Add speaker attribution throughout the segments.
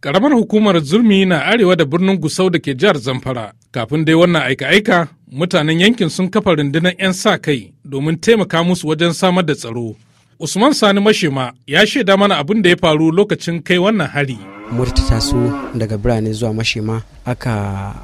Speaker 1: Karamar hukumar zurmi na arewa da birnin Gusau da ke jihar Zamfara. Kafin dai wannan aika-aika, mutanen yankin sun kafa rundunar 'yan sa kai domin taimaka musu wajen samar da tsaro. Usman Sani Mashema ya shaida mana abin da ya faru lokacin kai wannan hari.
Speaker 2: Mota ta taso daga birane zuwa Mashema aka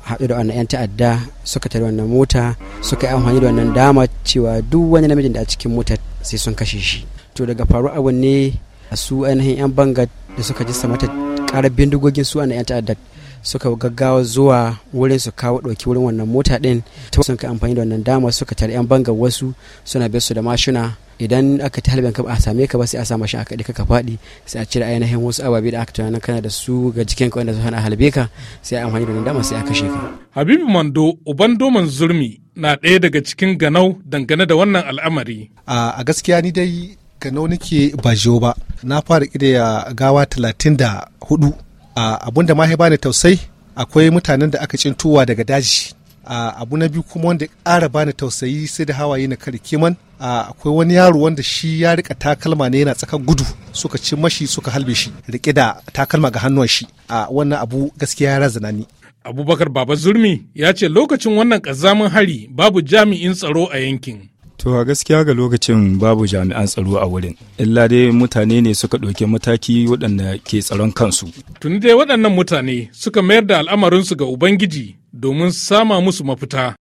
Speaker 2: haɗu da wannan 'yan ta'adda suka tare wannan mota suka yi amfani da wannan dama cewa duk wani namijin da a cikin mota sai sun kashe shi. To daga faru abu ne su ainihin 'yan bangar da suka ji samatar karar bindigogin su na 'yan ta'addar suka gaggawa zuwa wurin su kawo ɗauki wurin wannan mota ɗin ta sun ka amfani da wannan dama suka tare 'yan banga wasu suna su da mashina idan aka ta halibin a same ka ba sai a sa mashin aka ka faɗi sai a cire ainihin wasu ababe da aka tunanin kana da su ga jikin ka wanda su hana halbe ka sai a amfani da wannan dama sai a kashe ka. Habibu Mando uban
Speaker 1: doman zurmi na ɗaya daga cikin ganau dangane da wannan al'amari. A gaskiya ni
Speaker 3: dai ganau nake ba ba na fara ƙidaya gawa talatin da huɗu. abun da ma bani tausai akwai mutanen da aka cintuwa daga daji abu na biyu kuma wanda ƙara bani tausayi sai da hawaye na kare kiman akwai wani yaro wanda shi ya rika takalma ne yana tsakan gudu suka ci mashi suka halbe shi rike da takalma ga hannuwan
Speaker 1: shi a wannan abu gaskiya ya razana ni abubakar baba zurmi ya ce lokacin wannan ƙazamin hari babu jami'in tsaro a yankin
Speaker 2: to a gaskiya ga lokacin babu jami'an
Speaker 3: tsaro a wurin illa dai mutane ne suka ɗauki mataki waɗanda ke tsaron kansu
Speaker 2: tuni dai waɗannan mutane suka mayar da al'amarinsu ga ubangiji domin sama musu mafita